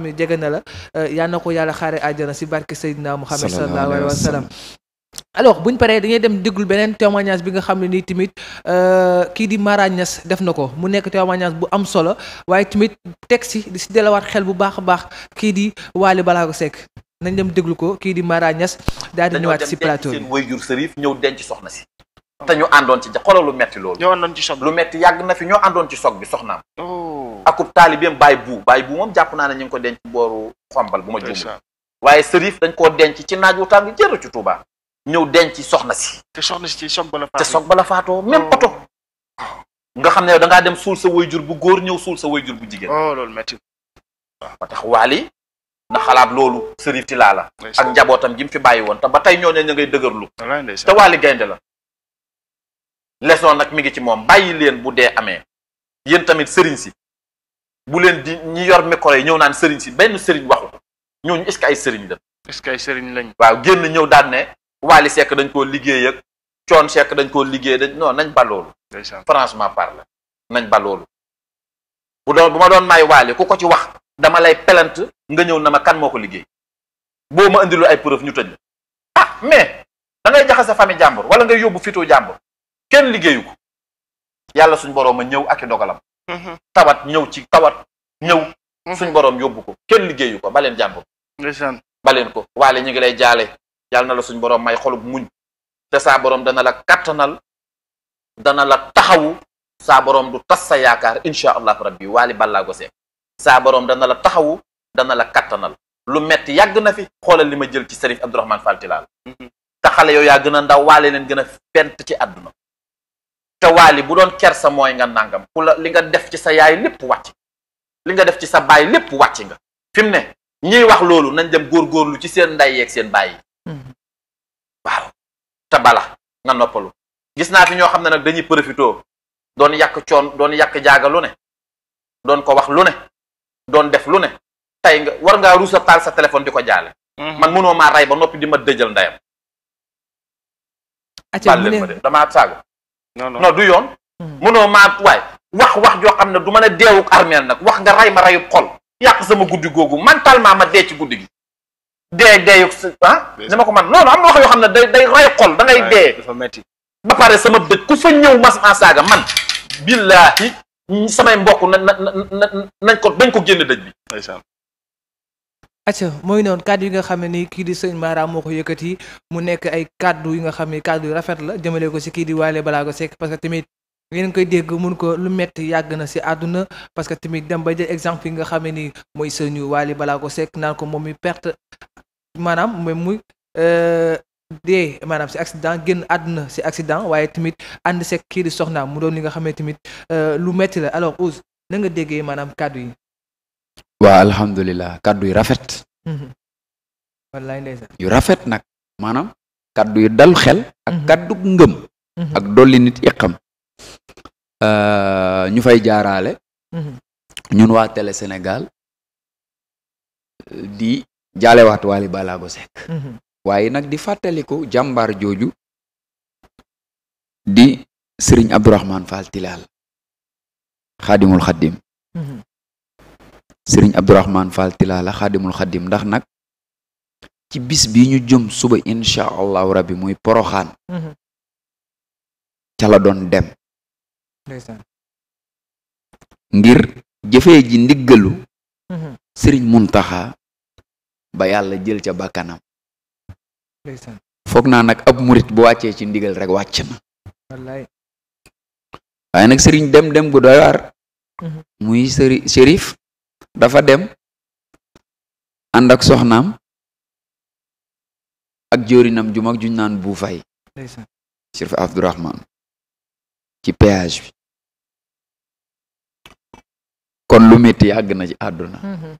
mi jege na la euh, yal na ko yàlla xaare àjjana si barke Seydina Muhammad sallallahu alayhi wa sallam alors buñ paree dañuy dem déglu beneen témoignage bi nga xam ne nii tamit euh, kii di Mara Niass def na ko mu nekk témoignage bu am solo waaye tamit texte di si delawaat xel bu baax a baax kii di balaa Balago sekk nañ dem déglu ko kii di Mara daa daal di si plateau bi dañoo dem denc seen wayjur sërif soxna si te ñu àndoon ci xoolal lu metti loolu. ñoo àndoon ci soog lu metti yàgg na fi ñoo àndoon ci soog bi soxnaam. Oh. akub taalibeem baay bu baay bu moom jàpp naa ne ñu ngi ko denc booru xombal bu ma juum. waaye sërif dañ koo denc ci naaj wu tàng jër ci Touba. ñëw denc soxna si. te soxna si ci soog bala faatoo te soog bala faatoo même oto. nga xam ne da ngaa dem suul sa way jur bu góor ñëw suul sa jur bu jigéen. oh loolu metti waaw ba tax waali na xalaat loolu sërif ti laa la. ak njabootam gi mu fi bàyyi woon te ba tey ñoo ne ñu ngay dëgër dëgërlu. te waali gaynde la leçon nag mi ngi ci moom bàyyi leen bu dee amee yéen tamit sëriñ si bu leen di ñi yor micro yi ñëw naan sëriñ si benn sëriñ waxu ñooñu est-ce ay sëriñ la est que ay sëriñ lañ. waaw génn ñëw daan ne Wally sekk dañ koo liggéey ak Thione Seck dañ koo liggéey dañ non nañ ba loolu. par la nañ ba loolu. bu doon bu ma doon may Wally ku ko ci wax dama lay pelante nga ñëw na ma kan moo ko liggéey boo ma indilul ay preuve ñu tëj la ah mais da ngay jaxase famille jàmbur wala nga yóbbu fitu jàmbur kenn liggéeyu ko yàlla suñ boroom ñëw ak i dogalam. Mm-hmm. tawat ñëw ci tawat ñëw. Mm-hmm. suñ boroom yóbbu ko kenn liggéeyu ko baleen jàmbur. ndeysaan baleen ko waale ñu ngi lay jaale yàlla na la suñ borom may xolub muñ te saa boroom dana la kattanal dana la taxawu saa boroom du tas sa yaakaar incha allahu rabbi waali ballaago seek saa boroom dana la taxawu dana la kattanal lu metti yàgg na fi xoolal li ma jël ci Serif Abdourahmane Fall Tilal mm-hmm. te xale yow ndaw waale leen gën a fent ci àdduna te waali bu doon kersa mooy nga nangam ku la li nga def ci sa yaay lépp wàcc li nga def ci sa baay lépp wàcc nga fi ne ñuy wax loolu nañ dem góor góor lu ci seen nday yeek seen baay yi mm-hmm. waaw te bala nga noppalu gis naa fi ñoo xam ne nag dañuy profitoo doon yàq coon doon yàq jaaga lu ne doon ko wax lu ne doon def lu ne tey nga war ngaa ruusa taal sa téléphone di ko jaale mm-hmm. man mënoo maa rey ba noppi di ma dëjal ndeyam bàlleel ma de damaa saago non non du yoon. mënoo hmm. maa waay wax wax joo xam ne du ma a deewuk armeel nag wax nga ray ma rayub xol yàq sama guddi googu man mentalement ma dee ci guddi gi. dee deeyuk ah dama ko man non am na wax yoo xam ne day day ray xol dangay ngay dee. dafa métti ba pare sama dëj ku fa ñëw mas ma saaga man. billaahi samay mbokk na na na nañ ko dañ ko génn dëj bi. acca mooy noonu kàddu yi nga xam ne nii kii di sëñ Mara moo ko yëkkati mu nekk ay kàddu yi nga xam ni kàddu yu rafet la jëmale ko si kii di Wally Ballago Seck parce que tamit ngeen koy dégg mun ko lu metti yàgg na si àdduna parce que tamit dem ba exemple yi nga xam ne nii mooy sëñu Wally Ballago Seck naan ko moom mi perte maanaam moom muy euh, dee maanaam si accident génn àdduna si accident waaye tamit ànd sekk kii di soxnaam mu doon li nga xam ne tamit euh, lu metti la alors Ousse na nga déggee maanaam kàddu yi. waa alhamdulilah kàddu yu rafet. Mhm. yu rafet nag maanaam kàddu yu dal xel. ak mhm. kàddu ngëm. Mhm. ak dolli nit iqam euh, ñu fay jaaraale. ñun waa Télé Sénégal di jaalewaat Wally Ballago waaye nag di fàttaliku jàmbaar jooju di Serigne Abdourahmane Fall Tilal xaddim sëriñ Abdourahmane Fall Tilala xaddim ndax nag ci bis bi ñu jëm suba incha allahu rabbi muy poroxaan mhm. ca doon dem ngir jëfee ji ndiggalu mhm. sëriñ muntaxa ba yàlla jël ca bakkanam foog naa nag ab murit bu wàccee ci ndigal rek wàcc na waaye nag sëriñ dem dem gu doy mhm. muy sëri shérif dafa dem ànd soxnaam ak jóorinam ju mag juñ naan bu fay Chérif Abdourahman ci péage bi kon lu metti yàgg na ci àdduna mhm.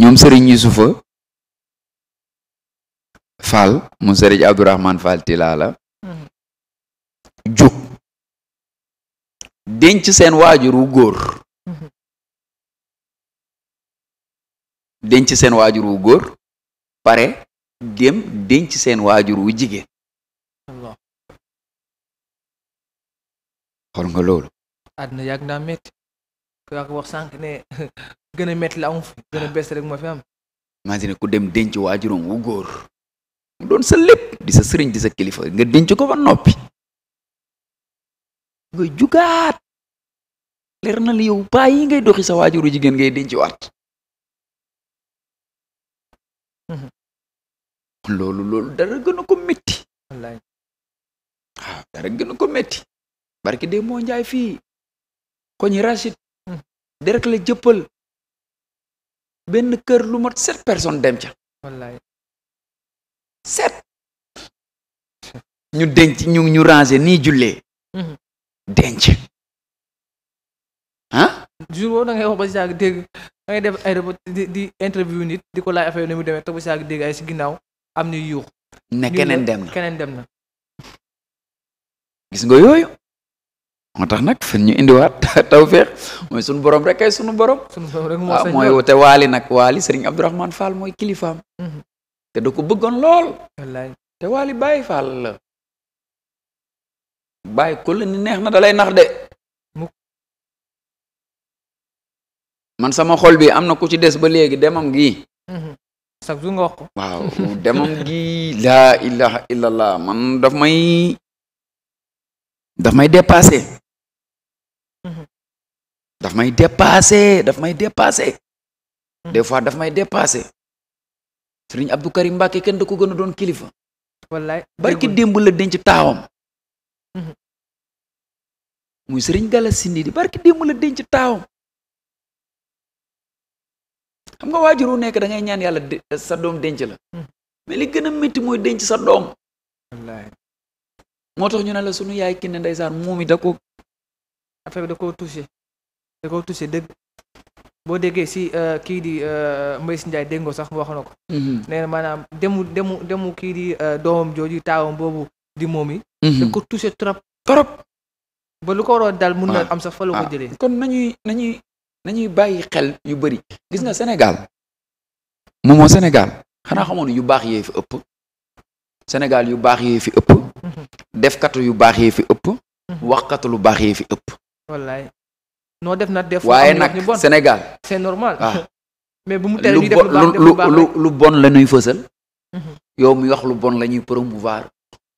ñoom sëriñ Yusufa Fall mu sëriñ Abdourahman Fall Tilala mhm. jóg denc seen waajur wu góor denc seen waajur wu góor pare dem denc seen waajur wu jigéen xool nga loolu àdduna yàgg naa métti ku sànq ne gën a métti la amu fi ku dem denc waajuram wu góor mu doon sa lépp di sa sëriñ di sa kilifa nga denc ko ba noppi nga jugaat leer na li yow bàyyi ngay doxi sa waajuru jigéen ngay denc waat Mhm. loolu loolu dara gën a ko métti waaw ah, dara gën a ko métti barki de moo njaay fii ko ñi rachid mhm. la jëppal benn kër lu mat sept personnes dem ca wallaay sept ñu denc ñu ñu ranger nii jullee mhm. denc jour boobu da ngay wax ba si yàgg dégg da ngay def ay di di interview nit di ko laaj affaire yi ni mu demee te ba si yàgg dégg ay si ginnaaw am ni yuux. ne keneen dem na keneen dem na. gis nga yooyu. moo tax nag fan ñu indiwaat tawféex mooy sunu borom rek ay sunu borom. sunu borom rek moo ah, mooy wute waali nag waali Serigne Abdourahmane Fall mooy kilifaam. Mm-hmm. te da ko bëggoon lool. wallaay te waali bàyyi Fall la. bàyyi ko la ni neex na da nax de. man sama xol bi am na ku ci des ba léegi demam gi sax mhm. du nga wax waaw demam gii laa ilaha illallah man daf may daf may dépassé mhm. daf may dépassé daf may dépassé mhm. des fois daf may dépassé Sëriñ Abdou Karim Mbàkke kenn da ko a doon kilifa barki démb la denc taawam muy Sëriñ Gala Sindi di barki démb la denc taawam xam nga waajur wu nekk da ngay ñaan yàlla sa doom denc la hmm. mais li gën a métti mooy denc sa doom wallaahi moo tax ñu ne la sunu yaay kinne ndeysaan moom yi da ko affaire bi da koo dëgg boo déggee si euh, kii di euh, Mbaye si Ndiaye dégg nga sax wax na ko mm-hmm. nee maanaam demu demu demu kii di euh, doom jooju taawam boobu di moom yi mm-hmm. da ko trop trop ba lu ko waroon dal mun na ah. am sax fa la ko ah. jëlee kon nañuy nañuy bàyyi xel yu bëri gis nga Sénégal moom moo Sénégal xanaa xamoon yu baax yee fi ëpp Sénégal yu baax yee fi ëpp mhm. yu baax yee fi ëpp mhm. waxkatu lu baax yee fi ëpp. wallaay def na def. waaye nag Sénégal c'est bu mu tere ñu lu lu lu lu bon la ñuy fësal. Mhm. yow mu wax lu bon la ñuy promouvoir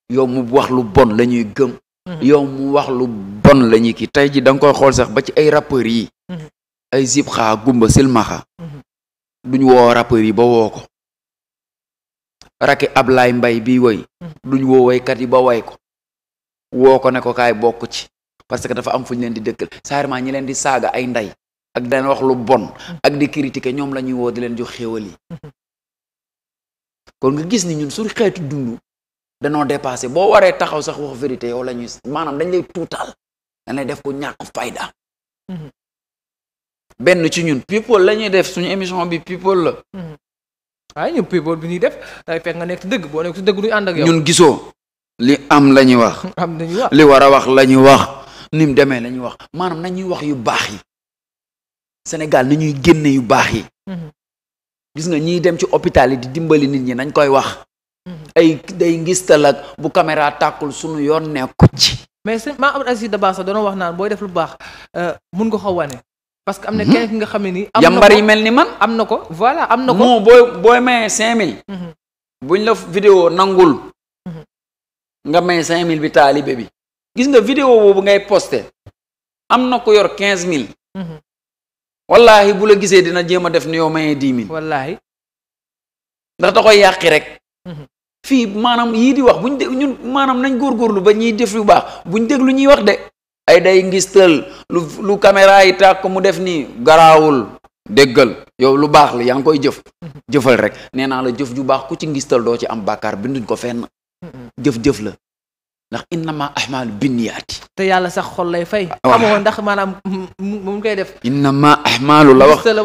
yow mu wax lu bon la ñuy gëm. yow mu wax lu bon la ñuy kii tey ji da nga koy xool sax ba ci ay rappeurs yi. ay zibxa gumba silmaxa mhm. duñ woo rappeurs yi ba woo ko raki Ablaay Mbay bi woy mhm. duñ woo woykat yi ba woy ko woo ko ne bokk ci parce que dafa am fu ñu leen di dëkkal saarement ñi leen di saaga ay ndey ak dana wax lu bon mhm. ak di critiquer ñoom lañuy woo di leen jox xéewal yi kon nga gis ni ñun su xeetu dund danoo dépassé boo waree taxaw sax wax vérité yow la ñuy maanaam dañ lay tuutaal dañ lay def ko ñàkk fayda benn ci ñun people la ñuy def suñu émission bi people la. Hmm. waaye ñun people bi ñuy def day fekk nga nekk ci dëgg boo nekk ci dëgg duñ ànd ak yow. ñun gisoo li am la ñuy wax. am la ñuy li war a wax la ñuy wax ni mu demee la ñuy wax maanaam na wax yu baax yi Sénégal ni ñuy génne yu baax yi. Hmm. gis nga ñiy dem ci hôpital yi di dimbali nit ñi nañ koy wax. Hmm. ay day ngistal ak bu caméra tàkkul sunu yoon nekku ci. mais sëñ maa am Aziz Dabassa doon wax naan booy def lu baax euh, mun nga ko wane parce que am na kenn mhm. ki nga xam ne ko yambar yi mel ni man. am na ko voilà am na ko. moo booy booy maye 5000. Mhm. buñ la vidéo nangul. Mhm. nga maye 5000 bi taalibe bi. gis nga vidéo boobu ngay posté. am na ko yor quinze 15000. wallaahi bu la gisee dina jéem a def ni yow maye 10000. wallaahi. ndax da koy yàqi rek. fii maanaam yii di wax buñ de ñun maanaam nañ góorgóorlu ba ñiy def lu baax buñ déglu ñuy wax de. ay day ngistal lu lu caméra yi tàkk mu def nii garaawul déggal yow lu baax la yaa ngi koy jëf jëfal rek nee naa la jëf ju baax ku ci ngistal doo ci am bàkkaar binduñ ko fenn jëf-jëf la ndax innama ahmaalu binniyaati te yàlla sax xol lay fay ah, xamoo ndax maanaam mu koy def innama ahmaalu la wax